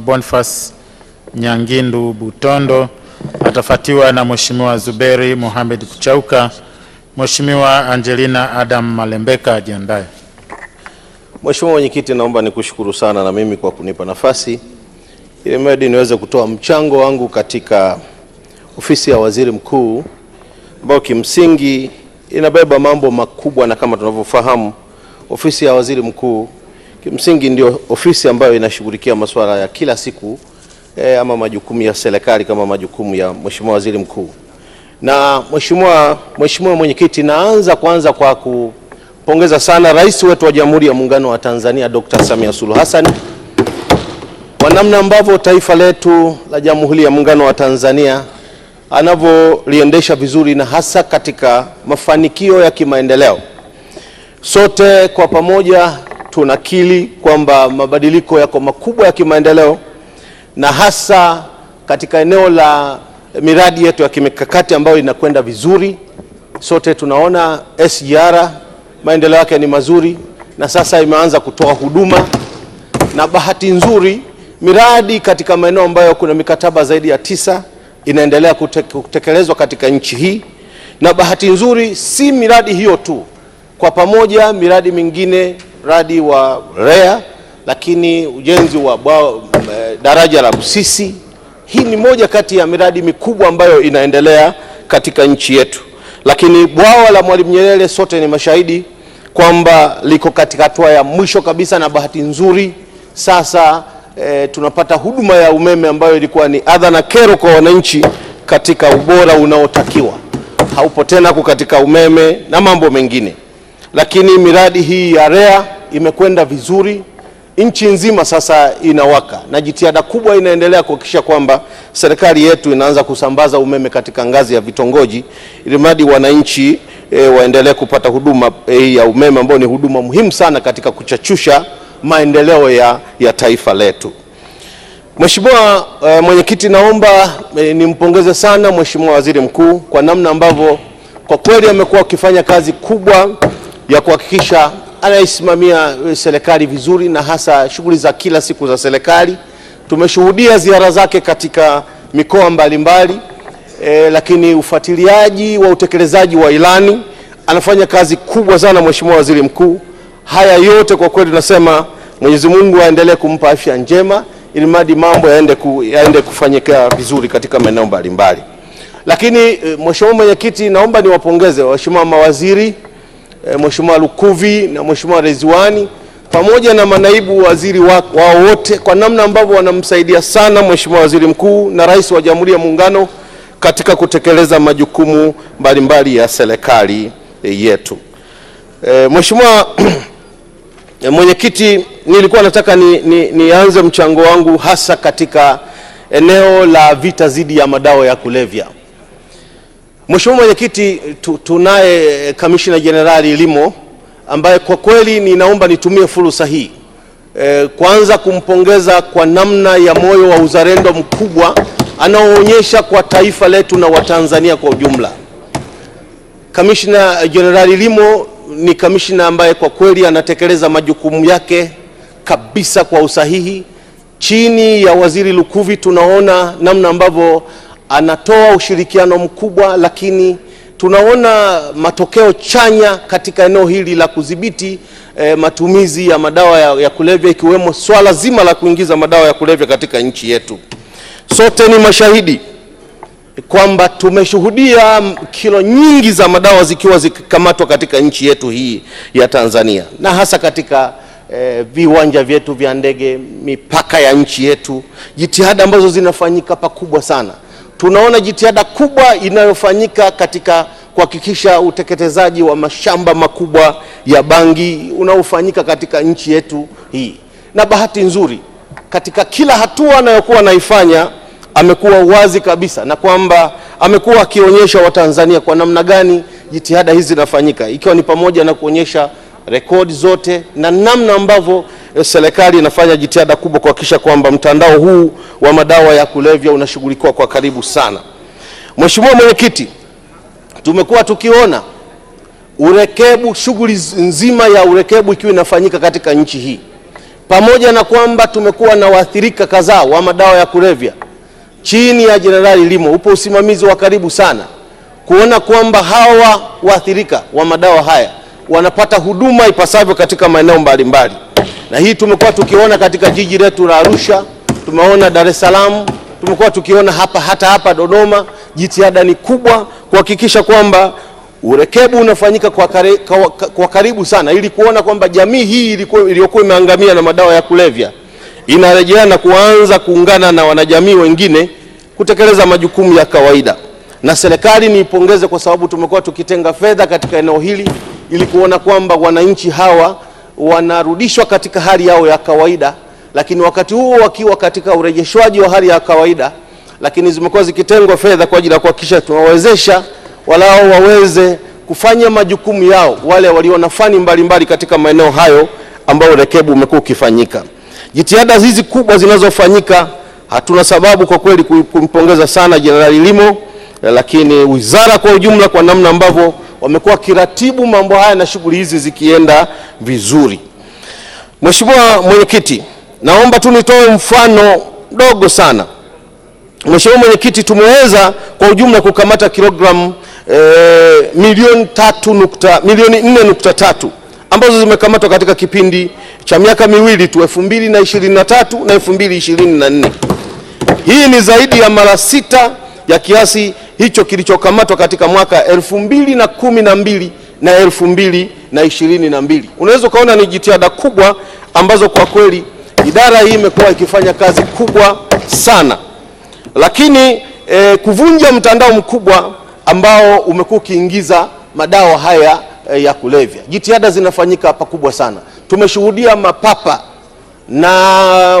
Mheshimiwa Boniface Nyangindu Butondo, atafatiwa na Mheshimiwa Zuberi Mohamed Kuchauka. Mheshimiwa Angelina Adam Malembeka ajiandaye. Mheshimiwa Mwenyekiti, naomba nikushukuru sana na mimi kwa kunipa nafasi ili mradi niweze kutoa mchango wangu katika ofisi ya waziri mkuu ambayo kimsingi inabeba mambo makubwa, na kama tunavyofahamu ofisi ya waziri mkuu Kimsingi ndio ofisi ambayo inashughulikia masuala ya kila siku e, ama majukumu ya serikali kama majukumu ya Mheshimiwa Waziri Mkuu. Na Mheshimiwa Mheshimiwa Mwenyekiti, naanza kwanza kwa kupongeza sana Rais wetu wa Jamhuri ya Muungano wa Tanzania Dr. Samia Suluhu Hassan kwa namna ambavyo taifa letu la Jamhuri ya Muungano wa Tanzania anavyoliendesha vizuri na hasa katika mafanikio ya kimaendeleo. Sote kwa pamoja tunakili kwamba mabadiliko yako makubwa ya kimaendeleo na hasa katika eneo la miradi yetu ya kimikakati ambayo inakwenda vizuri. Sote tunaona SGR maendeleo yake ni mazuri na sasa imeanza kutoa huduma, na bahati nzuri miradi katika maeneo ambayo kuna mikataba zaidi ya tisa inaendelea kutekelezwa katika nchi hii, na bahati nzuri si miradi hiyo tu, kwa pamoja miradi mingine mradi wa REA, lakini ujenzi wa bwawa, eh, daraja la Busisi. Hii ni moja kati ya miradi mikubwa ambayo inaendelea katika nchi yetu, lakini bwawa la Mwalimu Nyerere sote ni mashahidi kwamba liko katika hatua ya mwisho kabisa, na bahati nzuri sasa e, tunapata huduma ya umeme ambayo ilikuwa ni adha na kero kwa wananchi katika ubora unaotakiwa. Haupo tena kukatika umeme na mambo mengine lakini miradi hii ya REA imekwenda vizuri nchi nzima sasa inawaka, na jitihada kubwa inaendelea kuhakikisha kwamba serikali yetu inaanza kusambaza umeme katika ngazi ya vitongoji, ili mradi wananchi e, waendelee kupata huduma e, ya umeme ambayo ni huduma muhimu sana katika kuchachusha maendeleo ya, ya taifa letu. Mheshimiwa e, Mwenyekiti, naomba e, nimpongeze sana Mheshimiwa Waziri Mkuu kwa namna ambavyo kwa kweli amekuwa akifanya kazi kubwa ya kuhakikisha anaisimamia eh, serikali vizuri na hasa shughuli za kila siku za serikali. Tumeshuhudia ziara zake katika mikoa mbalimbali mbali. Eh, e, lakini ufuatiliaji wa utekelezaji wa ilani anafanya kazi kubwa sana Mheshimiwa Waziri Mkuu. Haya yote kwa kweli tunasema Mwenyezi Mungu aendelee kumpa afya njema ili mradi mambo yaende, ku, yaende kufanyika vizuri katika maeneo mbalimbali. Lakini eh, Mheshimiwa Mwenyekiti, naomba niwapongeze waheshimiwa mawaziri e, Mheshimiwa Lukuvi na Mheshimiwa Reziwani pamoja na manaibu waziri wao wote kwa namna ambavyo wanamsaidia sana Mheshimiwa Waziri Mkuu na Rais wa Jamhuri ya Muungano katika kutekeleza majukumu mbalimbali ya serikali eh, yetu. E, Mheshimiwa Mwenyekiti, nilikuwa nataka ni, ni, nianze mchango wangu hasa katika eneo la vita dhidi ya madawa ya kulevya. Mheshimiwa Mwenyekiti, tunaye eh, kamishina Jenerali Limo ambaye kwa kweli ninaomba nitumie fursa hii e, kwanza kumpongeza kwa namna ya moyo wa uzalendo mkubwa anaoonyesha kwa taifa letu na Watanzania kwa ujumla. Kamishna Jenerali Limo ni kamishna ambaye kwa kweli anatekeleza majukumu yake kabisa kwa usahihi. Chini ya Waziri Lukuvi tunaona namna ambavyo anatoa ushirikiano mkubwa, lakini tunaona matokeo chanya katika eneo hili la kudhibiti e, matumizi ya madawa ya, ya kulevya ikiwemo swala zima la kuingiza madawa ya kulevya katika nchi yetu. Sote ni mashahidi kwamba tumeshuhudia kilo nyingi za madawa zikiwa zikikamatwa katika nchi yetu hii ya Tanzania na hasa katika E, viwanja vyetu vya ndege, mipaka ya nchi yetu, jitihada ambazo zinafanyika pakubwa sana tunaona jitihada kubwa inayofanyika katika kuhakikisha uteketezaji wa mashamba makubwa ya bangi unaofanyika katika nchi yetu hii, na bahati nzuri katika kila hatua anayokuwa anaifanya amekuwa wazi kabisa na kwamba amekuwa akionyesha Watanzania kwa namna gani jitihada hizi zinafanyika, ikiwa ni pamoja na kuonyesha rekodi zote na namna ambavyo Eh, serikali inafanya jitihada kubwa kuhakikisha kwamba mtandao huu wa madawa ya kulevya unashughulikiwa kwa karibu sana. Mheshimiwa Mwenyekiti, tumekuwa tukiona urekebu, shughuli nzima ya urekebu ikiwa inafanyika katika nchi hii, pamoja na kwamba tumekuwa na waathirika kadhaa wa madawa ya kulevya. Chini ya Jenerali Limo upo usimamizi wa karibu sana kuona kwamba hawa waathirika wa madawa haya wanapata huduma ipasavyo katika maeneo mbalimbali na hii tumekuwa tukiona katika jiji letu la Arusha, tumeona Dar es Salaam, tumekuwa tukiona hapa hata hapa Dodoma. Jitihada ni kubwa kuhakikisha kwamba urekebu unafanyika kwa, kare, kwa, kwa karibu sana ili kuona kwamba jamii hii iliyokuwa imeangamia na madawa ya kulevya inarejea na kuanza kuungana na wanajamii wengine kutekeleza majukumu ya kawaida. Na serikali niipongeze kwa sababu tumekuwa tukitenga fedha katika eneo hili ili kuona kwamba wananchi hawa wanarudishwa katika hali yao ya kawaida, lakini wakati huo wakiwa katika urejeshwaji wa hali ya kawaida, lakini zimekuwa zikitengwa fedha kwa ajili ya kuhakikisha tunawawezesha walao waweze kufanya majukumu yao wale walio na fani mbalimbali katika maeneo hayo ambayo rekebu umekuwa ukifanyika. Jitihada hizi kubwa zinazofanyika, hatuna sababu kwa kweli kumpongeza sana Jenerali Limo, lakini wizara kwa ujumla kwa namna ambavyo wamekuwa wakiratibu mambo haya na shughuli hizi zikienda vizuri. Mheshimiwa Mwenyekiti, naomba tu nitoe mfano mdogo sana. Mheshimiwa Mwenyekiti, tumeweza kwa ujumla kukamata kilogramu eh, milioni tatu nukta, milioni nne nukta tatu ambazo zimekamatwa katika kipindi cha miaka miwili tu 2023 na 2024. Hii ni zaidi ya mara sita ya kiasi hicho kilichokamatwa katika mwaka elfu mbili na kumi na mbili na elfu mbili na ishirini na mbili. Unaweza ukaona ni jitihada kubwa ambazo kwa kweli idara hii imekuwa ikifanya kazi kubwa sana, lakini eh, kuvunja mtandao mkubwa ambao umekuwa ukiingiza madawa haya eh, ya kulevya. Jitihada zinafanyika pakubwa sana. Tumeshuhudia mapapa na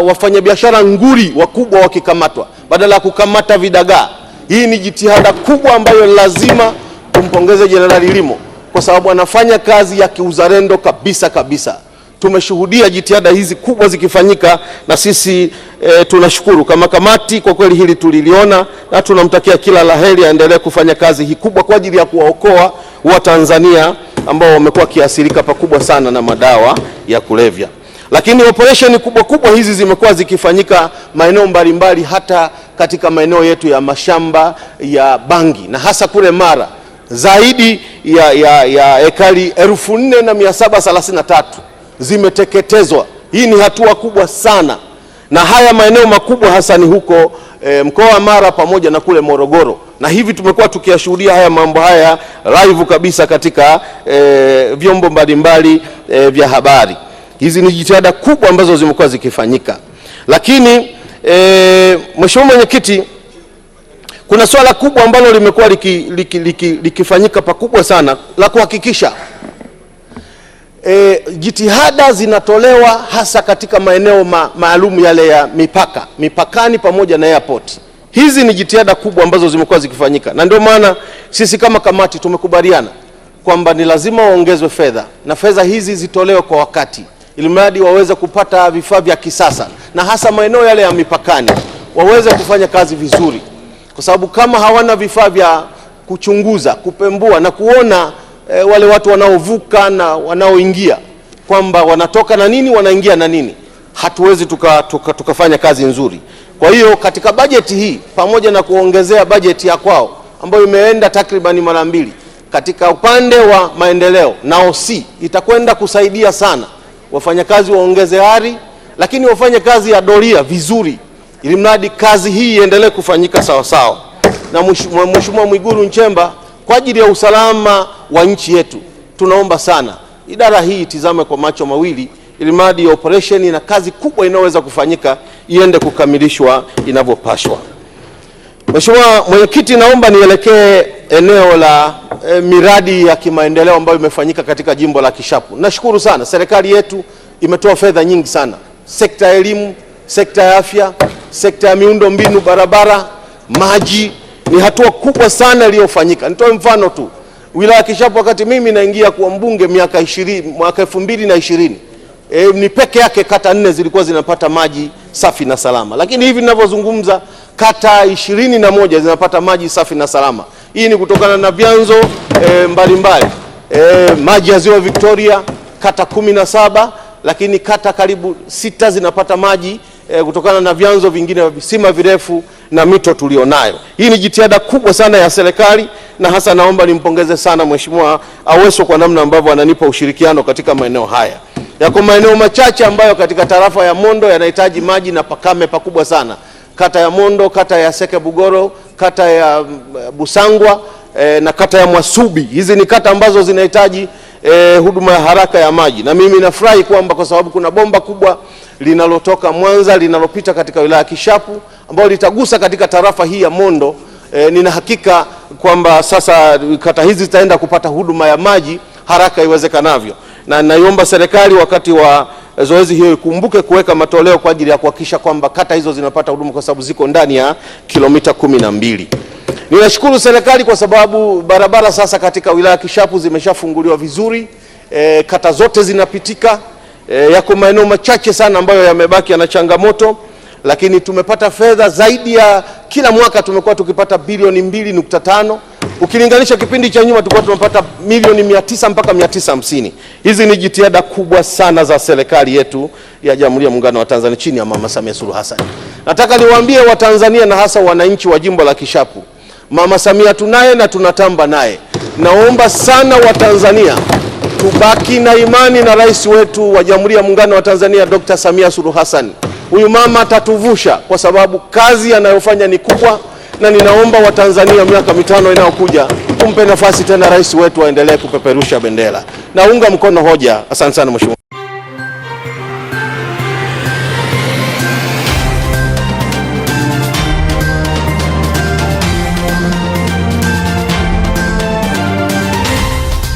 wafanyabiashara nguri wakubwa wakikamatwa badala ya kukamata vidagaa hii ni jitihada kubwa ambayo lazima tumpongeze Jenerali Limo kwa sababu anafanya kazi ya kiuzalendo kabisa kabisa. Tumeshuhudia jitihada hizi kubwa zikifanyika na sisi e, tunashukuru kama kamati kwa kweli, hili tuliliona na tunamtakia kila laheri, aendelee kufanya kazi hii kubwa kwa ajili ya kuwaokoa Watanzania ambao wamekuwa wakiathirika pakubwa sana na madawa ya kulevya. Lakini operesheni kubwa kubwa hizi zimekuwa zikifanyika maeneo mbalimbali, hata katika maeneo yetu ya mashamba ya bangi na hasa kule Mara, zaidi ya, ya, ya ekari elfu nne na mia saba thelathini na tatu zimeteketezwa. Hii ni hatua kubwa sana, na haya maeneo makubwa hasa ni huko e, mkoa wa Mara pamoja na kule Morogoro, na hivi tumekuwa tukiyashuhudia haya mambo haya live kabisa katika e, vyombo mbalimbali e, vya habari. Hizi ni jitihada kubwa ambazo zimekuwa zikifanyika, lakini e, mheshimiwa mwenyekiti, kuna swala kubwa ambalo limekuwa likifanyika liki, liki, liki pakubwa sana la kuhakikisha e, jitihada zinatolewa hasa katika maeneo ma, maalum yale ya mipaka mipakani pamoja na airport. Hizi ni jitihada kubwa ambazo zimekuwa zikifanyika, na ndio maana sisi kama kamati tumekubaliana kwamba ni lazima waongezwe fedha na fedha hizi zitolewe kwa wakati ili mradi waweze kupata vifaa vya kisasa na hasa maeneo yale ya mipakani waweze kufanya kazi vizuri, kwa sababu kama hawana vifaa vya kuchunguza, kupembua na kuona e, wale watu wanaovuka na wanaoingia kwamba wanatoka na nini wanaingia na nini, hatuwezi tukafanya tuka, tuka kazi nzuri. Kwa hiyo katika bajeti hii pamoja na kuongezea bajeti ya kwao ambayo imeenda takribani mara mbili katika upande wa maendeleo, na OC itakwenda kusaidia sana wafanyakazi waongeze ari, lakini wafanye kazi ya doria vizuri, ili mradi kazi hii iendelee kufanyika sawasawa. Na Mheshimiwa Mwigulu Nchemba, kwa ajili ya usalama wa nchi yetu, tunaomba sana idara hii itizame kwa macho mawili, ili mradi ya operesheni na kazi kubwa inayoweza kufanyika iende kukamilishwa inavyopashwa. Mheshimiwa Mwenyekiti, naomba nielekee eneo la e, miradi ya kimaendeleo ambayo imefanyika katika jimbo la Kishapu. Nashukuru sana serikali yetu imetoa fedha nyingi sana, sekta ya elimu, sekta ya afya, sekta ya miundo mbinu, barabara, maji. Ni hatua kubwa sana iliyofanyika. Nitoe mfano tu, wilaya ya Kishapu, wakati mimi naingia kuwa mbunge miaka 20 mwaka 2020 E, eh, ni peke yake kata nne zilikuwa zinapata maji safi na salama, lakini hivi ninavyozungumza kata ishirini na moja zinapata maji safi na salama. Hii ni kutokana na vyanzo e, mbalimbali e, maji ya ziwa Victoria kata kumi na saba lakini kata karibu sita zinapata maji e, kutokana na vyanzo vingine vya visima virefu na mito tulionayo. Hii ni jitihada kubwa sana ya serikali na hasa naomba nimpongeze sana Mheshimiwa Aweso kwa namna ambavyo ananipa ushirikiano katika maeneo haya. Yako maeneo machache ambayo katika tarafa ya Mondo yanahitaji maji na pakame pakubwa sana, kata ya Mondo, kata ya Seke Bugoro, kata ya eh, Busangwa e, na kata ya Mwasubi. Hizi ni kata ambazo zinahitaji e, huduma ya haraka ya maji, na mimi nafurahi kwamba kwa sababu kuna bomba kubwa linalotoka Mwanza linalopita katika wilaya ya Kishapu ambalo litagusa katika tarafa hii ya Mondo. E, nina hakika kwamba sasa kata hizi zitaenda kupata huduma ya maji haraka iwezekanavyo na naiomba serikali wakati wa eh, zoezi hiyo ikumbuke kuweka matoleo kwa ajili ya kuhakikisha kwamba kata hizo zinapata huduma kwa sababu ziko ndani ya kilomita kumi na mbili. Ninashukuru serikali kwa sababu barabara sasa katika wilaya Kishapu zimeshafunguliwa vizuri, e, kata zote zinapitika. E, yako maeneo machache sana ambayo yamebaki yana changamoto, lakini tumepata fedha zaidi ya kila mwaka tumekuwa tukipata bilioni mbili nukta tano Ukilinganisha kipindi cha nyuma tulikuwa tunapata milioni mia tisa mpaka mia tisa hamsini. Hizi ni jitihada kubwa sana za serikali yetu ya Jamhuri ya Muungano wa Tanzania chini ya Mama Samia Suluhu Hassan. Nataka niwaambie Watanzania na hasa wananchi wa jimbo la Kishapu, Mama Samia tunaye na tunatamba naye. Naomba sana Watanzania tubaki na imani na rais wetu wa Jamhuri ya Muungano wa Tanzania Dr. Samia Suluhu Hassan. Huyu mama atatuvusha kwa sababu kazi anayofanya ni kubwa na ninaomba Watanzania miaka mitano inayokuja tumpe nafasi tena rais wetu aendelee kupeperusha bendera. Naunga mkono hoja. Asante sana mheshimiwa.